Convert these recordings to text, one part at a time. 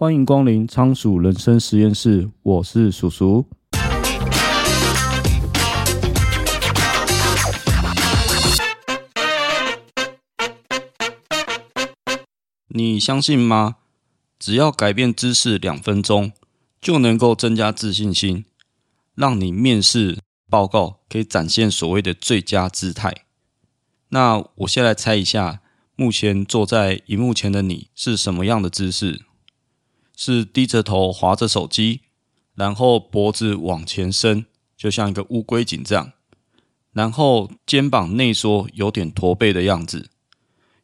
歡迎光臨倉鼠人生實驗室，我是叔叔。你相信嗎？只要改變姿勢兩分鐘，就能夠增加自信心，讓你面試報告可以展現所謂的最佳姿態。那我先來猜一下，目前坐在螢幕前的你是什麼樣的姿勢？是低着頭滑着手機，然後脖子往前伸，就像一個烏龜頸這樣，然後肩膀內縮，有點駝背的樣子，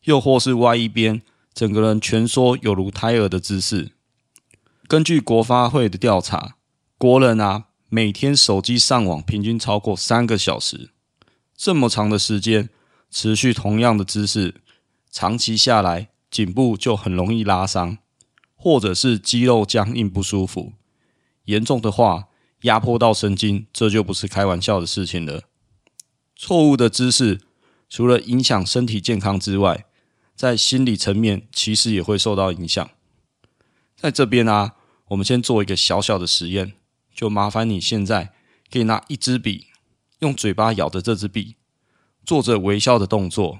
又或是歪一邊，整個人蜷縮，有如胎兒的姿勢。根據國發會的調查，國人啊，每天手機上網平均超過三個小時，這麼長的時間，持續同樣的姿勢，長期下來，頸部就很容易拉傷。或者是肌肉僵硬、不舒服，嚴重的話壓迫到神經，這就不是開玩笑的事情了。錯誤的姿勢，除了影響身體健康之外，在心理層面其實也會受到影響。在這邊啊，我們先做一個小小的實驗，就麻煩你現在可以拿一支筆，用嘴巴咬着這支筆，做着微笑的動作。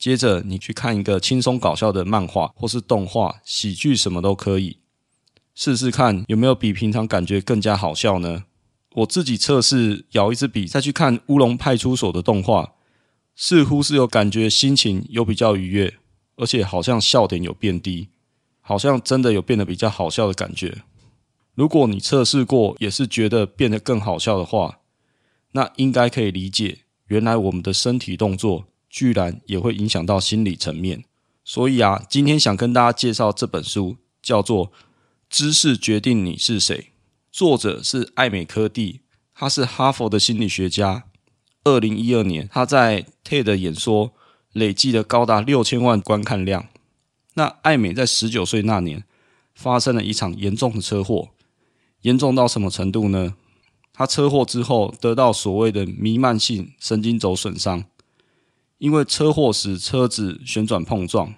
接着你去看一個輕鬆搞笑的漫畫或是動畫喜劇，什麼都可以，試試看有沒有比平常感覺更加好笑呢？我自己測試咬一支筆再去看《烏龍派出所》的動畫，似乎是有感覺，心情有比較愉悅，而且好像笑點有變低，好像真的有變得比較好笑的感覺。如果你測試過也是覺得變得更好笑的話，那應該可以理解，原來我們的身體動作居然也會影響到心理層面，所以啊，今天想跟大家介紹這本書，叫做《姿勢決定你是誰》，作者是艾美·柯蒂，他是哈佛的心理學家。二零一二年，他在 TED 演說累計了高達六千萬觀看量。那艾美在十九歲那年發生了一場嚴重的車禍，嚴重到什麼程度呢？他車禍之後得到所謂的彌漫性神經軸損傷。因為車禍時車子旋轉碰撞，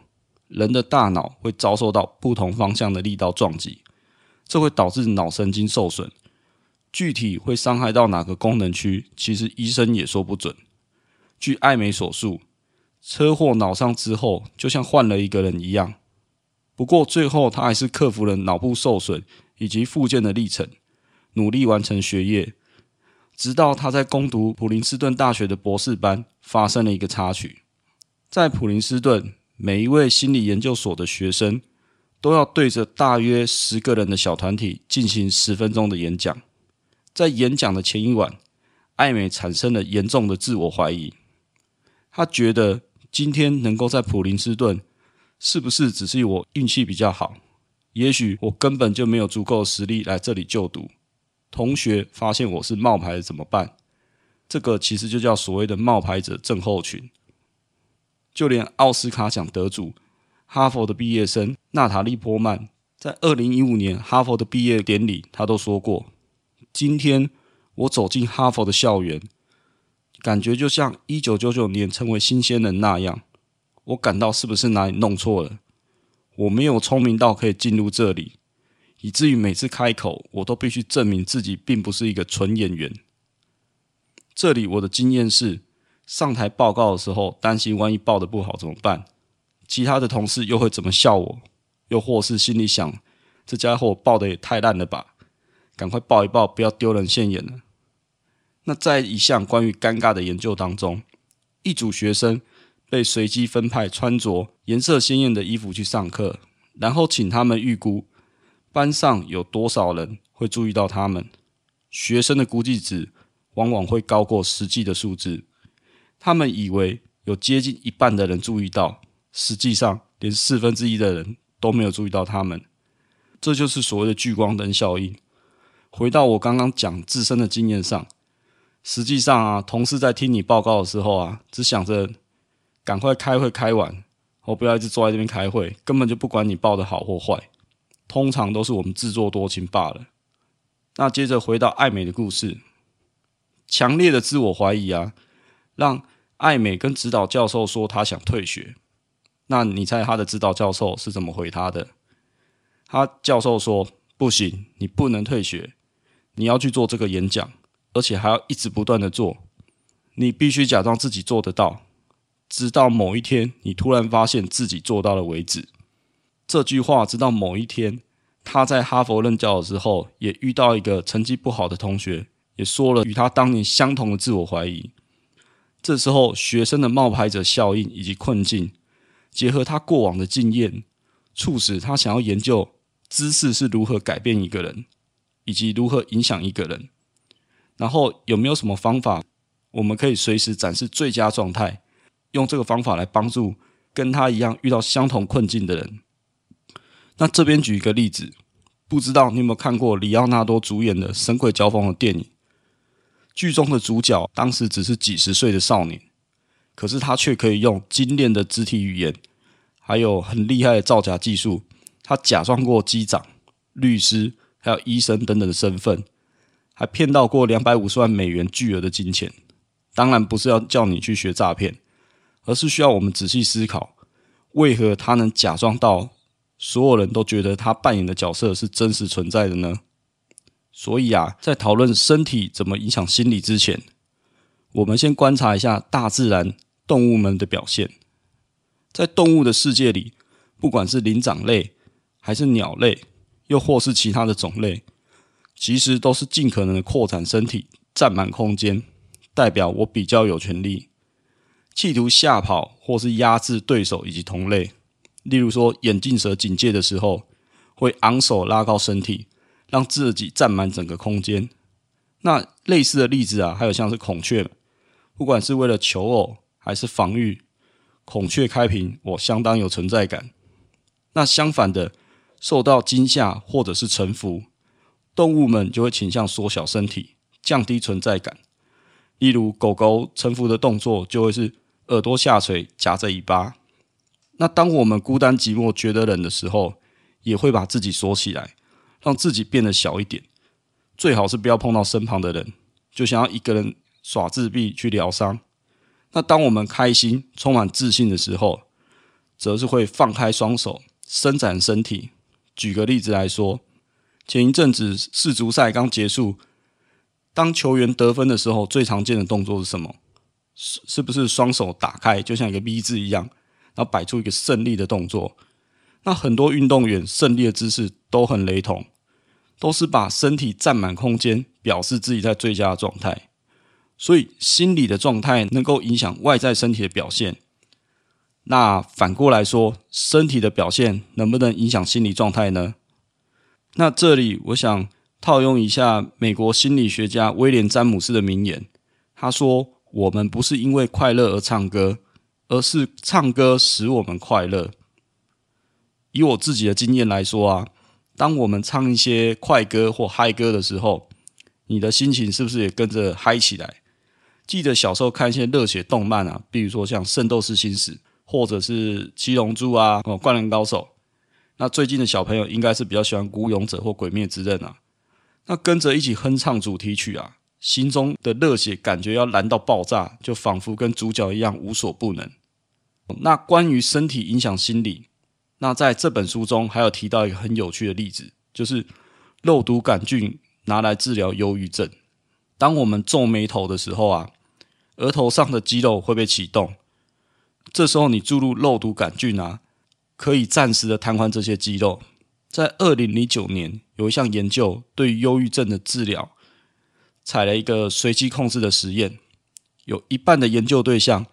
人的大腦會遭受到不同方向的力道撞擊，這會導致腦神經受損。具體會傷害到哪個功能區，其實醫生也說不準。據艾美所述，車禍腦傷之後，就像換了一個人一樣。不過最後他還是克服了腦部受損以及復健的歷程，努力完成學業。直到他在攻讀普林斯頓大學的博士班，發生了一個插曲。在普林斯頓，每一位心理研究所的學生都要對着大約十個人的小團體進行十分鐘的演講。在演講的前一晚，艾美產生了嚴重的自我懷疑。他覺得今天能夠在普林斯頓，是不是只是我運氣比較好？也許我根本就沒有足夠的實力來這裡就讀。同學發現我是冒牌怎麼辦？這個其實就叫所謂的“冒牌者症候群”。就連奧斯卡獎得主、哈佛的畢業生娜塔莉·波曼，在二零一五年哈佛的畢業典禮，她都說過：“今天我走進哈佛的校園，感覺就像一九九九年成為新鮮人那樣，我感到是不是哪裡弄錯了？我沒有聰明到可以進入這裡。”以至於每次開口，我都必須證明自己並不是一個純演員。這裡我的經驗是，上台報告的時候，擔心萬一報得不好怎麼辦？其他的同事又會怎麼笑我？又或是心裡想，這家伙報得也太爛了吧？趕快報一報，不要丟人現眼了。那在一項關於尷尬的研究當中，一組學生被隨機分派穿着顏色鮮艷的衣服去上課，然後請他們預估。班上有多少人會注意到他們？學生的估計值往往會高過實際的數字。他們以為有接近一半的人注意到，實際上連四分之一的人都沒有注意到他們。這就是所謂的聚光燈效應。回到我剛剛講自身的經驗上，實際上啊，同事在聽你報告的時候啊，只想着趕快開會開完，我不要一直坐在這邊開會，根本就不管你報得好或壞。通常都是我們自作多情罷了。那接着回到艾美的故事，強烈的自我懷疑啊，讓艾美跟指導教授說她想退學。那你猜她的指導教授是怎麼回她的？他教授說：“不行，你不能退學，你要去做這個演講，而且還要一直不斷的做。你必須假裝自己做得到，直到某一天你突然發現自己做到了為止。”這句話，直到某一天，他在哈佛任教的時候，也遇到一個成績不好的同學，也說了與他當年相同的自我懷疑。這時候，學生的冒牌者效應以及困境，結合他過往的經驗，促使他想要研究知識是如何改變一個人，以及如何影響一個人。然後，有沒有什麼方法，我們可以隨時展示最佳狀態？用這個方法來幫助跟他一樣遇到相同困境的人。那這邊舉一個例子，不知道你有沒有看過李奧納多主演的《神鬼交鋒》的電影？劇中的主角當時只是幾十歲的少年，可是他卻可以用精煉的肢體語言，還有很厲害的造假技術。他假裝過機長、律師，還有醫生等等的身份，還騙到過兩百五十萬美元巨額的金錢。當然，不是要叫你去學詐騙，而是需要我們仔細思考，為何他能假裝到？所有人都覺得他扮演的角色是真實存在的呢。所以啊，在討論身體怎麼影響心理之前，我們先觀察一下大自然動物們的表現。在動物的世界裡，不管是靈長類，還是鳥類，又或是其他的種類，其實都是盡可能的擴展身體，佔滿空間，代表我比較有權利，企圖嚇跑或是壓制對手以及同類。例如說，眼鏡蛇警戒的時候會昂首拉高身體，讓自己佔滿整個空間。那類似的例子啊，還有像是孔雀，不管是為了求偶還是防禦，孔雀開屏，我相當有存在感。那相反的，受到驚嚇或者是臣服，動物們就會傾向縮小身體，降低存在感。例如，狗狗臣服的動作就會是耳朵下垂，夾着尾巴。那當我們孤單寂寞、覺得冷的時候，也會把自己鎖起來，讓自己變得小一點。最好是不要碰到身旁的人，就想要一個人耍自閉去療傷。那當我們開心、充滿自信的時候，則是會放開雙手，伸展身體。舉個例子來說，前一陣子世足賽剛結束，當球員得分的時候，最常見的動作是什麼？是是不是雙手打開，就像一個 V 字一樣？然後擺出一個勝利的動作，那很多運動員勝利的姿勢都很雷同，都是把身體占滿空間，表示自己在最佳的狀態。所以心理的狀態能夠影響外在身體的表現。那反過來說，身體的表現能不能影響心理狀態呢？那這裡我想套用一下美國心理學家威廉詹姆斯的名言，他說：“我們不是因為快樂而唱歌。”而是唱歌使我們快樂。以我自己的經驗來說啊，當我們唱一些快歌或嗨歌的時候，你的心情是不是也跟着嗨起來？記得小時候看一些熱血動漫啊，比如說像《聖鬥士星矢》或者是《七龍珠》啊，《灌籃高手》。那最近的小朋友應該是比較喜歡《孤勇者》或《鬼滅之刃》啊。那跟着一起哼唱主題曲啊，心中的熱血感覺要燃到爆炸，就仿佛跟主角一樣無所不能。那關於身體影響心理，那在這本書中還有提到一個很有趣的例子，就是肉毒桿菌拿來治療憂鬱症。當我們皺眉頭的時候啊，額頭上的肌肉會被啟動，這時候你注入肉毒桿菌啊，可以暫時的癱瘓這些肌肉。在二零零九年有一項研究對於憂鬱症的治療，採了一個隨機控制的實驗，有一半的研究對象。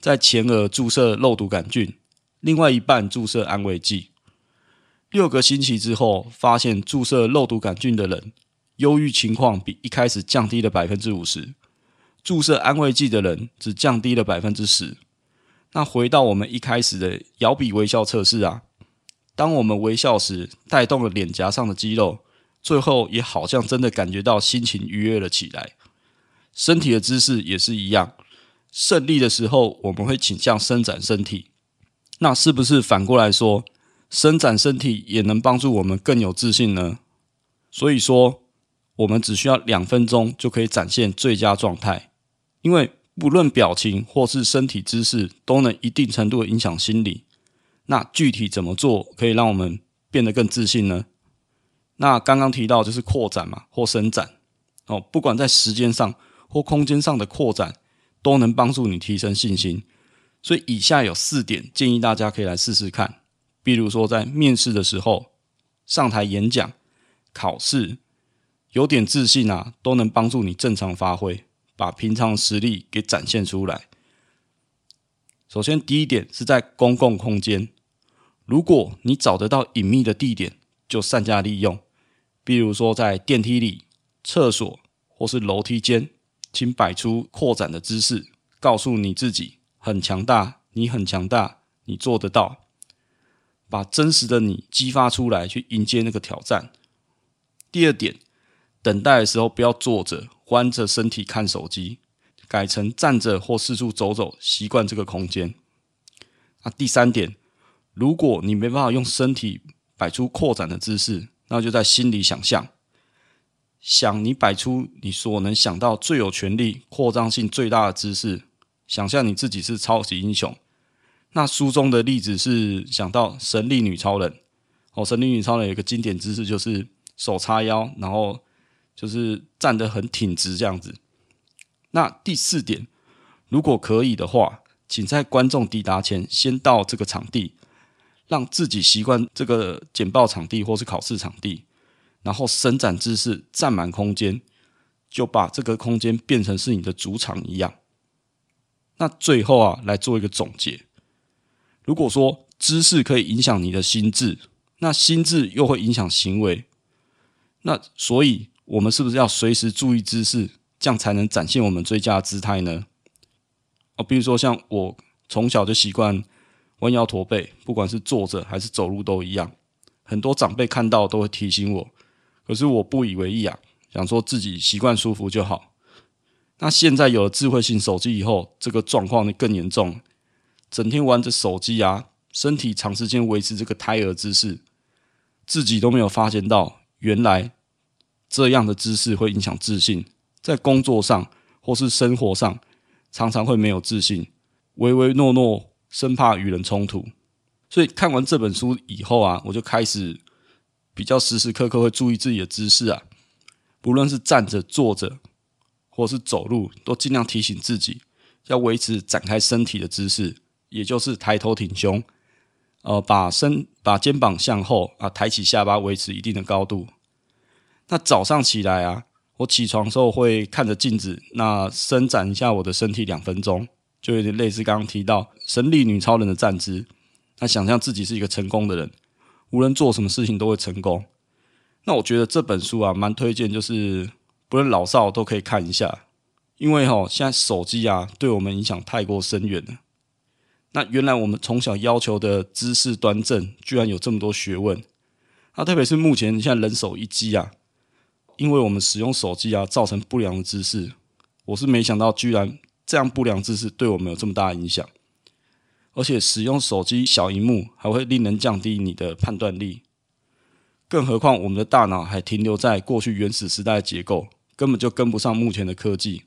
在前額注射肉毒桿菌，另外一半注射安慰劑。六個星期之後，發現注射肉毒桿菌的人憂鬱情況比一開始降低了百分之五十，注射安慰劑的人只降低了百分之十。那回到我們一開始的咬筆微笑測試啊，當我們微笑時，帶動了臉頰上的肌肉，最後也好像真的感覺到心情愉悅了起來，身體的姿勢也是一樣。勝利的時候，我們會傾向伸展身體。那是不是反過來說，伸展身體也能幫助我們更有自信呢？所以說，我們只需要兩分鐘就可以展現最佳狀態，因為不論表情或是身體姿勢，都能一定程度的影響心理。那具體怎麼做可以讓我們變得更自信呢？那剛剛提到就是擴展嘛，或伸展哦，不管在時間上或空間上的擴展。都能幫助你提升信心，所以以下有四點建議，大家可以來試試看。比如說，在面試的時候、上台演講、考試，有點自信啊，都能幫助你正常發揮，把平常實力給展現出來。首先，第一點是在公共空間，如果你找得到隱秘的地點，就善加利用，比如說在電梯裡、廁所或是樓梯間。請擺出擴展的姿勢，告訴你自己很強大，你很強大，你做得到。把真實的你激發出來，去迎接那個挑戰。第二點，等待的時候不要坐着，彎着身體看手機，改成站着或四處走走，習慣這個空間。啊，第三點，如果你沒辦法用身體擺出擴展的姿勢，那就在心裡想象。想你擺出你所能想到最有權力、擴張性最大的姿勢，想象你自己是超級英雄。那書中的例子是想到神力女超人哦，神力女超人有一個經典姿勢就是手叉腰，然後就是站得很挺直這樣子。那第四點，如果可以的話，請在觀眾抵達前先到這個場地，讓自己習慣這個簡報場地或是考試場地。然後伸展姿勢，佔滿空間，就把這個空間變成是你的主場一樣。那最後啊，來做一個總結。如果說姿勢可以影響你的心智，那心智又會影響行為，那所以我們是不是要隨時注意姿勢，這樣才能展現我們最佳的姿態呢？哦，比如說像我從小就習慣彎腰駝背，不管是坐着還是走路都一樣。很多長輩看到的都會提醒我。可是我不以為意啊，想說自己習慣舒服就好。那現在有了智慧型手機以後，這個狀況更嚴重，整天玩着手機啊，身體長時間維持這個胎兒姿勢，自己都沒有發現到，原來這樣的姿勢會影響自信，在工作上或是生活上，常常會沒有自信，唯唯諾諾，生怕與人衝突。所以看完這本書以後啊，我就開始。比較時時刻刻會注意自己的姿勢啊，不論是站着、坐着，或者是走路，都盡量提醒自己要維持展開身體的姿勢，也就是抬頭挺胸，呃，把身把肩膀向後啊，抬起下巴，維持一定的高度。那早上起來啊，我起床的時候會看着鏡子，那伸展一下我的身體兩分鐘，就有點類似剛剛提到神力女超人的站姿，那想象自己是一個成功的人。無論做什麼事情都會成功。那我覺得這本書啊，蠻推薦，就是不論老少，都可以看一下。因為哈、哦，現在手機啊，對我們影響太過深遠了。那原來我們從小要求的姿勢端正，居然有這麼多學問。啊。那特別是目前現在人手一機啊，因為我們使用手機啊，造成不良的姿勢。我是沒想到，居然這樣不良姿勢對我們有這麼大的影響。而且使用手機小熒幕還會令人降低你的判斷力，更何況我們的大腦還停留在過去原始時代的結構，根本就跟不上目前的科技。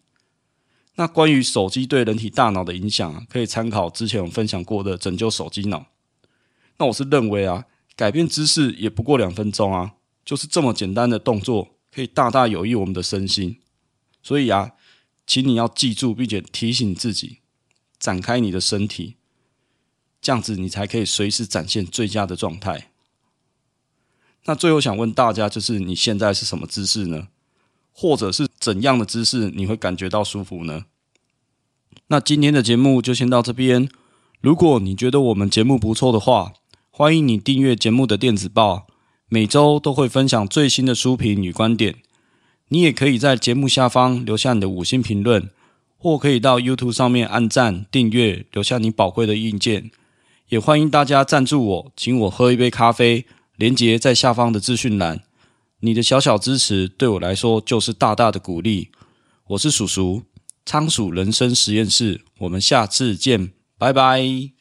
那關於手機對人體大腦的影響啊，可以參考之前我分享過的《拯救手機腦》。那我是認為啊，改變姿勢也不過兩分鐘啊，就是這麼簡單的動作，可以大大有益我們的身心。所以啊，請你要記住，並且提醒自己，展開你的身體。這樣子你才可以隨時展現最佳的狀態。那最後想問大家，就是你現在是什麼姿勢呢？或者是怎樣的姿勢你會感覺到舒服呢？那今天的節目就先到這邊。如果你覺得我們節目不錯的話，歡迎你訂閱節目的電子報，每周都會分享最新的書評與觀點。你也可以在節目下方留下你的五星評論，或可以到 YouTube 上面按讚訂閱，留下你寶貴的意見。也歡迎大家贊助我，請我喝一杯咖啡，連結在下方的資訊欄。你的小小支持對我來說就是大大的鼓勵。我是鼠叔，叔倉鼠人生實驗室，我們下次見，拜拜。